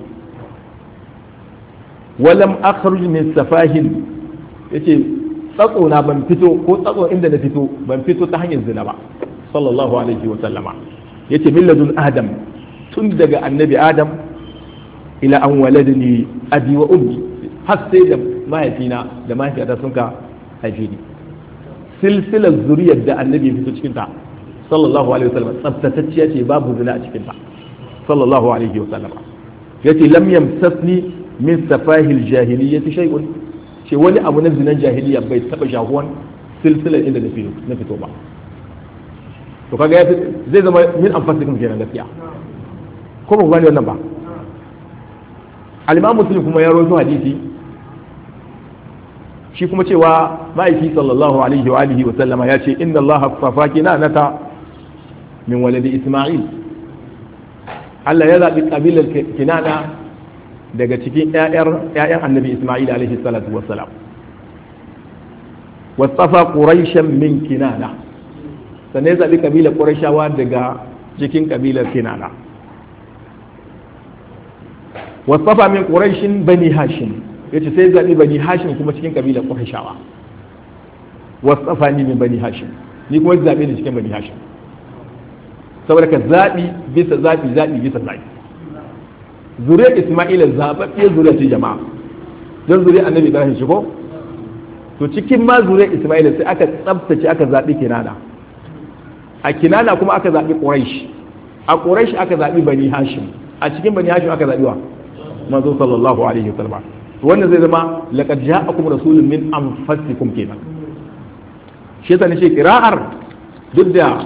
[SPEAKER 1] walam akhruj min safahil yace tsatso na ban fito ko tsatso inda na fito ban fito ta hanyar zina ba sallallahu alaihi wa sallama yace milladun adam tun daga annabi adam ila an waladani abi wa ummi har sai da mahaifina da mahaifiyata sun ka haife ni silsilar zuriyar da annabi fito cikin ta sallallahu alaihi wa sallama tsaftatacciya ce babu zina a cikin ta sallallahu alaihi wa sallama. yace lam yamsasni min safahil jahiliyyati shay'un ce wani abu na zinan jahiliya bai taba shahuwan silsilar inda na fito ba to kaga zai zama min anfasikum kenan gaskiya ko ba ku gane wannan ba al-imam kuma ya rawaito hadisi shi kuma cewa ma'aiki sallallahu alaihi wa alihi wa sallama ya ce inna Allah safaki safa kinanata min waladi Isma'il Allah ya zaɓi ƙabilar kinana daga cikin ‘ya'yan annabi Ismail alaihi salatu wassalam. Wasafa Quraishan min Kinana, sannan ya zaɓi ƙabilar daga cikin ƙabilar Kinana. Wasafa min Qurayshin bani Hashim, ya ce sai zaɓi bani Hashim kuma cikin ƙabilar Qurayshawa. Wasafa ni min bani Hashim, ni kuma zaɓi ne cikin bani Hashim. Saboda ka zaɓi bisa zaɓi zaɓi bisa zaɓi. zuriyar isma'ila zaɓaɓɓiyar zuriya ce jama'a don zuriyar annabi ibrahim shi ko to cikin ma zuriyar isma'ila sai aka tsabtace aka zaɓi kinana a kinana kuma aka zaɓi quraish a quraish aka zaɓi bani hashim a cikin bani hashim aka zaɓi wa manzo sallallahu alaihi wa wasallam wannan zai zama laqad ja'akum rasulun min anfusikum kenan shi yasa ne shi qira'ar duk da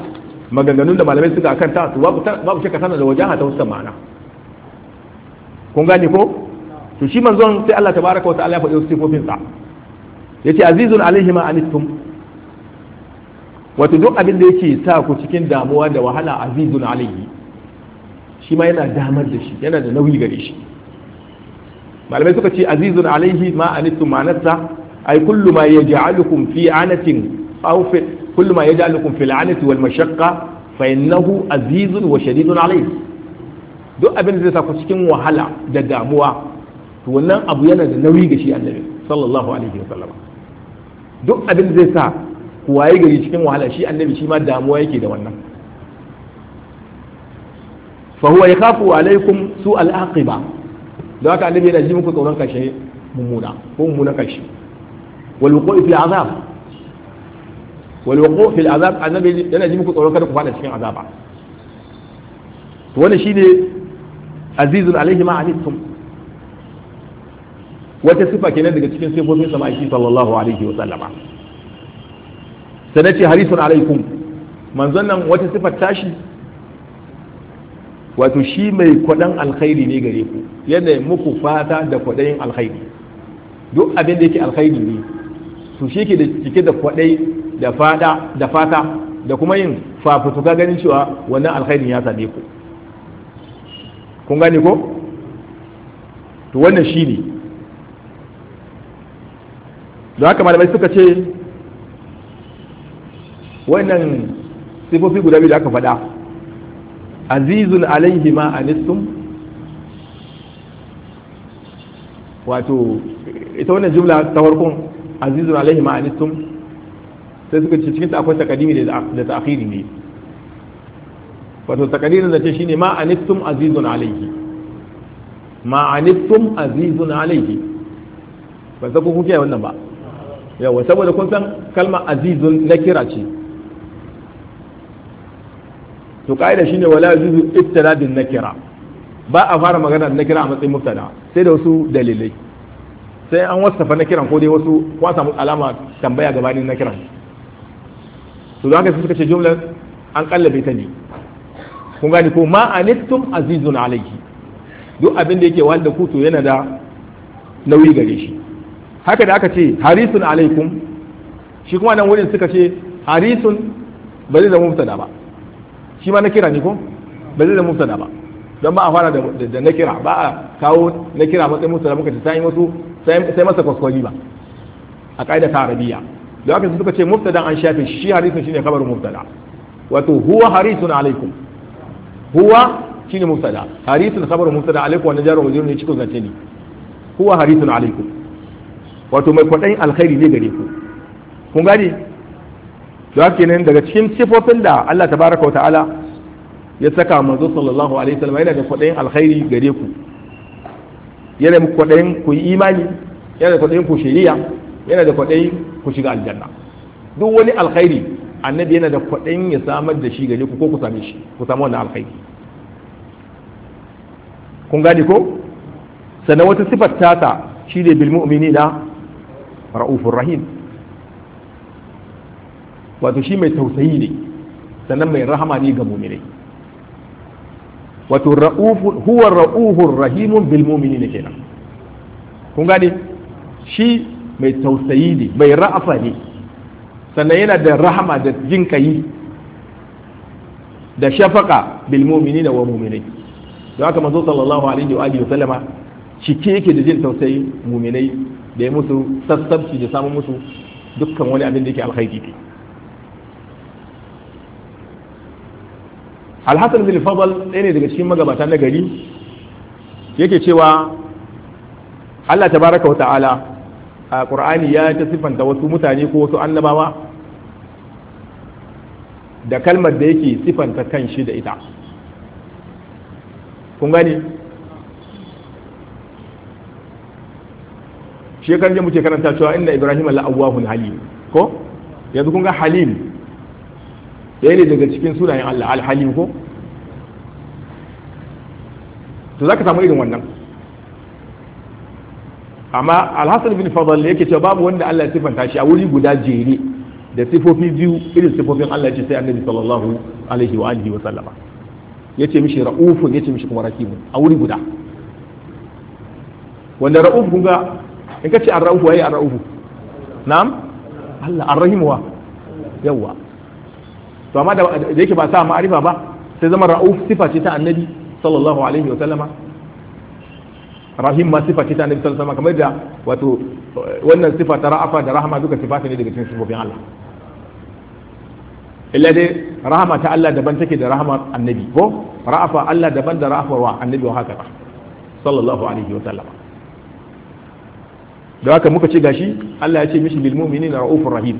[SPEAKER 1] maganganun da malamai suka akan ta su babu shakka tana da wajaha ta wasu ma'ana kun gane ko to shi manzon sai Allah tabaraka wa ta'ala ya faɗi sifofin sa yace azizun alaihi ma anittum wato duk abin da yake sa ku cikin damuwa da wahala azizun alaihi shi ma yana damar da shi yana da nauyi gare shi malamai suka ce azizun alaihi ma anittum ma'anarsa ai kullu ma yaj'alukum fi anatin aw fi kullu ma yaj'alukum fi al'anati wal mashaqqa fa innahu azizun wa shadidun alaihi duk abin da zai sa ku cikin wahala da damuwa to wannan abu yana da nauyi ga shi annabi sallallahu alaihi wa wasallam duk abin da zai sa ku waye gari cikin wahala shi annabi shi ma damuwa yake da wannan fa huwa yakhafu alaikum su al-aqiba don haka annabi yana ji muku tsoron kashe mummuna ko mummuna kashe wal wuqu' fil azab wal wuqu' fil azab annabi yana ji muku tsoron kada ku fada cikin azaba to wannan shine azizun alaihi ma anittum wata sifa kenan daga cikin sifofin sama sallallahu alaihi wa sallama sanace harisun alaikum manzon nan wata sifar tashi wato shi mai kwadan alkhairi ne gare ku yana muku fata da kwaɗayin alkhairi duk abin da yake alkhairi ne to shi ke da cike da kwadai da fada da fata da kuma yin fafutuka ganin cewa wannan alkhairin ya same ku kun gane ko to wannan shi ne da haka malamai suka ce wannan sifofi guda biyu da aka faɗa azizun alaihi ma anistum wato ita wannan jumla ta farkon azizun alaihi ma anistum sai suka ce cikinta akwai takadimi da ta'akhiri ne wato takadirin da shine ma anittum azizun alayhi ma anittum azizun ba za ku kuke wannan ba yawa saboda kun san kalma azizun na kira ce to ka'ida shine wala azizu ittiradin nakira ba a fara magana da nakira a matsayin mubtada sai da wasu dalilai sai an wasafa nakiran ko dai wasu ko a samu alama tambaya gabanin nakiran to da haka suka ce jumlar an kallabe ta ne kun gani ko ma anittum azizun alayhi duk abin da yake wanda ku to yana da nauyi gare shi haka da aka ce harisun alaikum shi kuma nan wurin suka ce harisun ba zai mubtada ba shi ma na kira ne ko ba zai mubtada ba don ba a fara da na kira ba a kawo na kira matsayin mubtada muka ce sai musu sai masa kwaskwari ba a kaida ta arabiya da haka suka ce mubtada an shafe shi harisun shine kabarin mubtada wato huwa harisun alaikum huwa shine mubtada harisun khabaru mubtada alaikum wannan jaru wazirun ne cikin zance ne huwa harisun alaikum wato mai kwaɗayin alkhairi ne gare ku kun gani da haka nan daga cikin sifofin da Allah tabaraka wa ta'ala ya saka manzo sallallahu alaihi wasallam yana da kwaɗayin alkhairi gare ku yana da kwaɗayin ku yi imani yana da kwaɗayin ku shari'a yana da kwaɗayin ku shiga aljanna duk wani alkhairi annabi yana da kwaɗayin ya samar da shi gare ku ko ku same shi ku samu wannan alkhairi kun gane ko sannan wata sifar tata shi ne bil na ra'ufur rahim wato shi mai tausayi ne sannan mai rahama ne ga mu'minai wato ra'ufun huwa ra'ufur rahimun bil mu'minina kenan kun gane shi mai tausayi ne mai ra'afa ne sannan yana da rahama da jin kayi da shafaka bilmomini da wa mu'minai don haka mazo sallallahu alaihi wa alihi sallama cike yake da jin tausayi mu'minai da ya musu sassabci da samun musu dukkan wani abin da yake alkhairi ne alhassan bin fadl ɗaya ne daga cikin magabata na gari yake cewa Allah tabaraka wa ta'ala a ƙur'ani ya ta siffanta wasu mutane ko wasu annabawa da kalmar da yake siffanta kan shi da ita kun gani shekaran jin muke karanta cewa inda ibrahim la'awahun halim ko yanzu kun ga halim ɗaya ne daga cikin sunayen allah al-halim ko to za ka samu irin wannan amma alhassan bin fadal yake cewa babu wanda Allah ya sifanta shi a wuri guda jere da sifofi biyu irin sifofin Allah ce sai annabi sallallahu alaihi wa alihi wa sallama yace mishi raufu yace mishi kuma rakibu a wuri guda wanda ra'ufu kun ga in kace ar-ra'uf waye ar ra'ufu na'am Allah ar wa yawa to amma da yake ba sa ma'arifa ba sai zama ra'uf sifa ce ta annabi sallallahu alaihi wa sallama rahim ma sifa ce ta annabi sallallahu alaihi kamar da wato eh, wannan sifa ta ra'afa da rahama duka sifa ne daga cikin sifofin Allah illa dai rahama ta Allah daban take da rahamar annabi ko ra'afa Allah daban da ra'afa wa annabi wa haka sallallahu alaihi wa sallam da haka muka ce gashi Allah ya ce mishi lil mu'minina ra'ufur rahim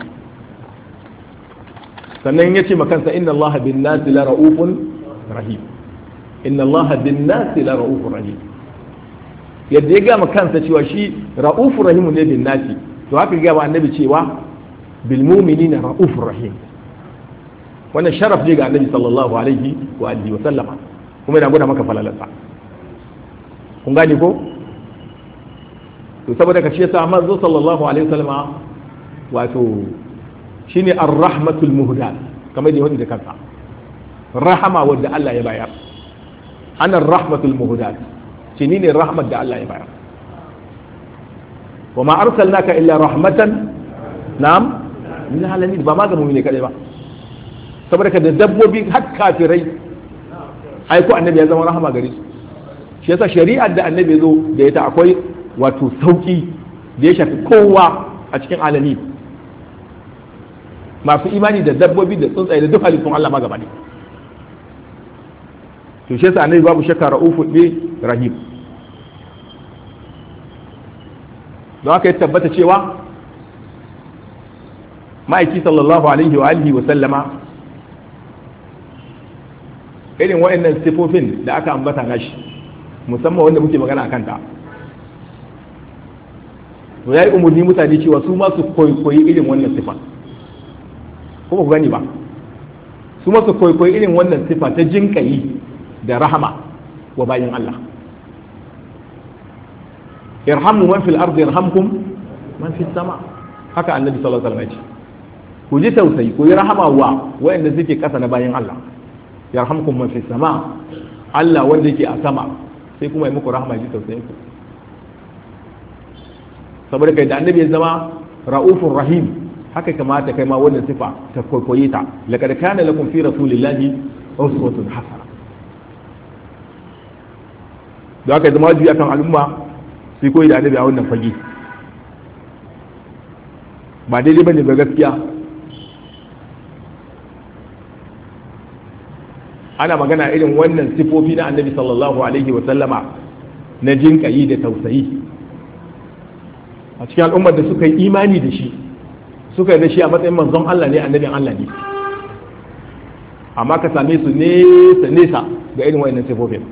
[SPEAKER 1] sannan ya ce makansa inna Allah bin nasi la ra'ufun rahim inna Allah bin nasi la ra'ufun rahim yadda ya gama kansa cewa shi ra'ufur rahim ne bin nasi to haka ya gama annabi cewa bil mu'minina ra'ufur rahim wannan sharaf ne ga annabi sallallahu alaihi wa alihi wa sallama kuma yana gwada maka falalarsa kun gane ko to saboda ka shi yasa manzo sallallahu alaihi wa sallama wato shine ar-rahmatul muhdat kamar da wani da kansa rahama wanda Allah ya bayar ana rahmatul muhdat ce ni ne rahmat da Allah ya bayar wa ma arsalnaka illa rahmatan na'am min halalin ba ma ga mu'mini kadai ba saboda ka da dabbobi har kafirai ai ko annabi ya zama rahama gare su shi yasa shari'ar da annabi zo da ita akwai wato sauki da ya shafi kowa a cikin alami masu imani da dabbobi da tsuntsaye da duk halittun Allah ma gaba ne to shi yasa annabi babu shakka ra'ufu ne rahim don haka ya tabbata cewa ma'aiki sallallahu alaihi wa alihi wa sallama irin wa'annan sifofin da aka ambata nashi musamman wanda muke magana a kanta to ya yi umarni mutane cewa su ma su koyi irin wannan sifa kuma ku gani ba su ma su koyi irin wannan sifa ta jinƙayi da rahama wa bayan Allah irhamu man fil ardi irhamkum man fis sama haka annabi sallallahu alaihi wasallam ya ku ji tausayi ku yi rahama wa waɗanda suke ƙasa na bayan Allah yarhamkum man fis sama Allah wanda yake a sama sai kuma yi muku rahama ji tausayin ku saboda kai da annabi ya zama ra'ufur rahim haka kamata kai ma wannan sifa ta koyi ta laqad kana lakum fi rasulillahi uswatun hasana da haka zama wajibi akan al'umma su koyi da annabi a wannan fage ba daidai bane ga gaskiya ana magana irin wannan sifofi na annabi sallallahu alaihi wa sallama na jinkayi da tausayi a cikin al'ummar da suka yi imani da shi suka yi da shi a matsayin manzon Allah ne annabin Allah ne amma ka same su nesa nesa ga irin wayannan sifofin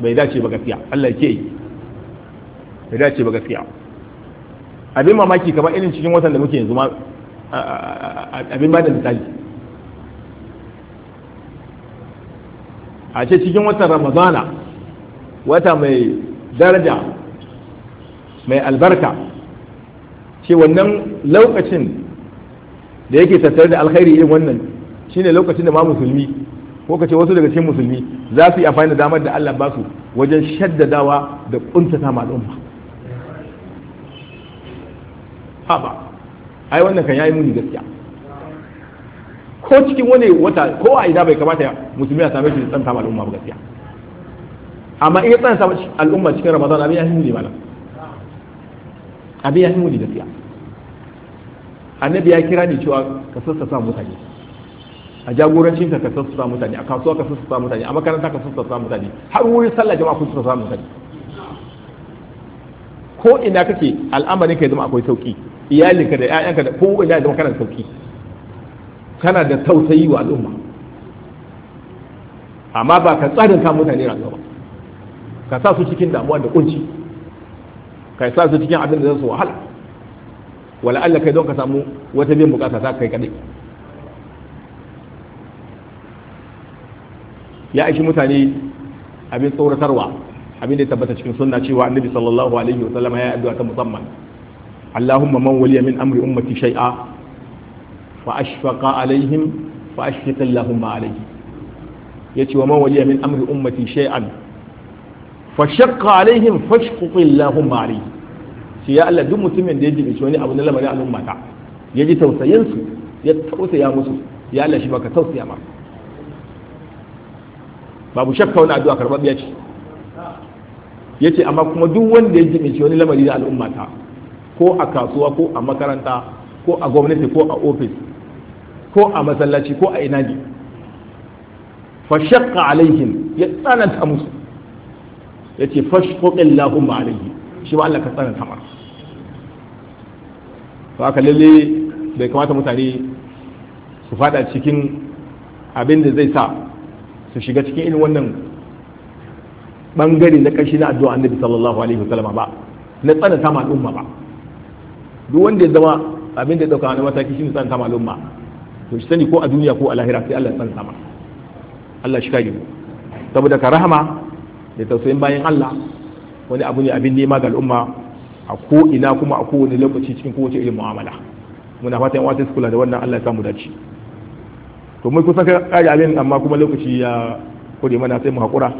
[SPEAKER 1] bai dace ba gaskiya Allah ke yi ya dace ba gaskiya abin mamaki kamar irin cikin watan da muke yanzu ma abin ba da misali a ce cikin watan ramadana wata mai daraja mai albarka ce wannan lokacin da yake tattare da alkhairi yin wannan shine lokacin da ma musulmi ko kace wasu daga cikin musulmi za su yi amfani da damar da Allah ba su wajen shaddadawa da kuntata al'umma haba ai wannan kan yayi muni gaskiya ko cikin wani wata ko a ina bai kamata musulmi ya same shi da tsanta al'umma ba gaskiya amma in ya tsanta al'umma cikin ramadan abin ya yi muni mana abin ya yi muni gaskiya annabi ya kira ni cewa ka sassa mutane a jagorancin ka sassa mutane a kasuwa ka sassa mutane a makaranta ka sassa mutane har wurin sallah jama'a kun sassa mutane ko ina kake al'amarin ka zama akwai sauki iyalinka da ƴaƴanka da kowa ya zama kana sauki kana da tausayi wa al'umma amma ba ka tsarin ka mutane rayuwa ka sa su cikin damuwa da kunci ka sa su cikin abin da zai su wahala wala Allah kai don ka samu wata biyan bukata ta kai kadai ya aishi mutane abin tsoratarwa abin da ya tabbata cikin sunna cewa annabi sallallahu alaihi wa sallama ya addu'a ta musamman اللهم من ولي من أمر أمتي شيئا فأشفق عليهم فأشفق اللهم عليه يتي ومن ولي من أمر أمتي شيئا فشق عليهم فاشقق اللهم عليه shi ya Allah duk mutumin da ya jibi wani abu na lamarin al'umma ya ji tausayin ya tausaya musu ya Allah shi baka tausaya babu shakka wani addu'a karɓar ya ce amma kuma duk wanda ya jibi wani lamari da al'umma ta ko a kasuwa ko a makaranta ko a gwamnati ko a ofis ko a masallaci ko a inaji fa shaqqa alaihim ya tsananta musu yace fashquqil lahum alaihi shi ba Allah ka tsananta ma. to ka lalle bai kamata mutane su fada cikin abin da zai sa su shiga cikin irin wannan bangare na kashi na addu'a annabi sallallahu alaihi wasallam ba na tsananta ma al'umma ba duk wanda ya zama abin da ya dauka wani mataki ne san sama al'umma to shi sani ko a duniya ko a lahira sai Allah san sama Allah shi kage saboda ka rahama da tausayin bayan Allah wani abu ne abin nema ga al'umma a ko ina kuma a kowane lokaci cikin kowace irin mu'amala muna fatan wata su kula da wannan Allah ya samu dace to mun kusa ka kare abin amma kuma lokaci ya kure mana sai mu hakura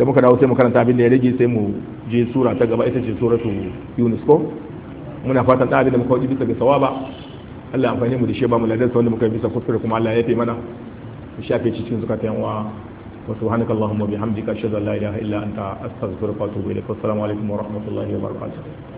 [SPEAKER 1] da muka dawo sai mu karanta abin da ya rage sai mu je sura ta gaba ita ce suratul Yunus ko muna fatan ɗan da muka wajen bisa ga sawaba Allah amfani mu da shi ba mu ladan wanda muka bisa kuskure kuma Allah ya fi mana mu shafe cikin zukatan wa wa subhanaka allahumma bihamdika ashhadu an la ilaha
[SPEAKER 3] illa anta astaghfiruka wa atubu ilaik assalamu alaikum wa rahmatullahi wa barakatuh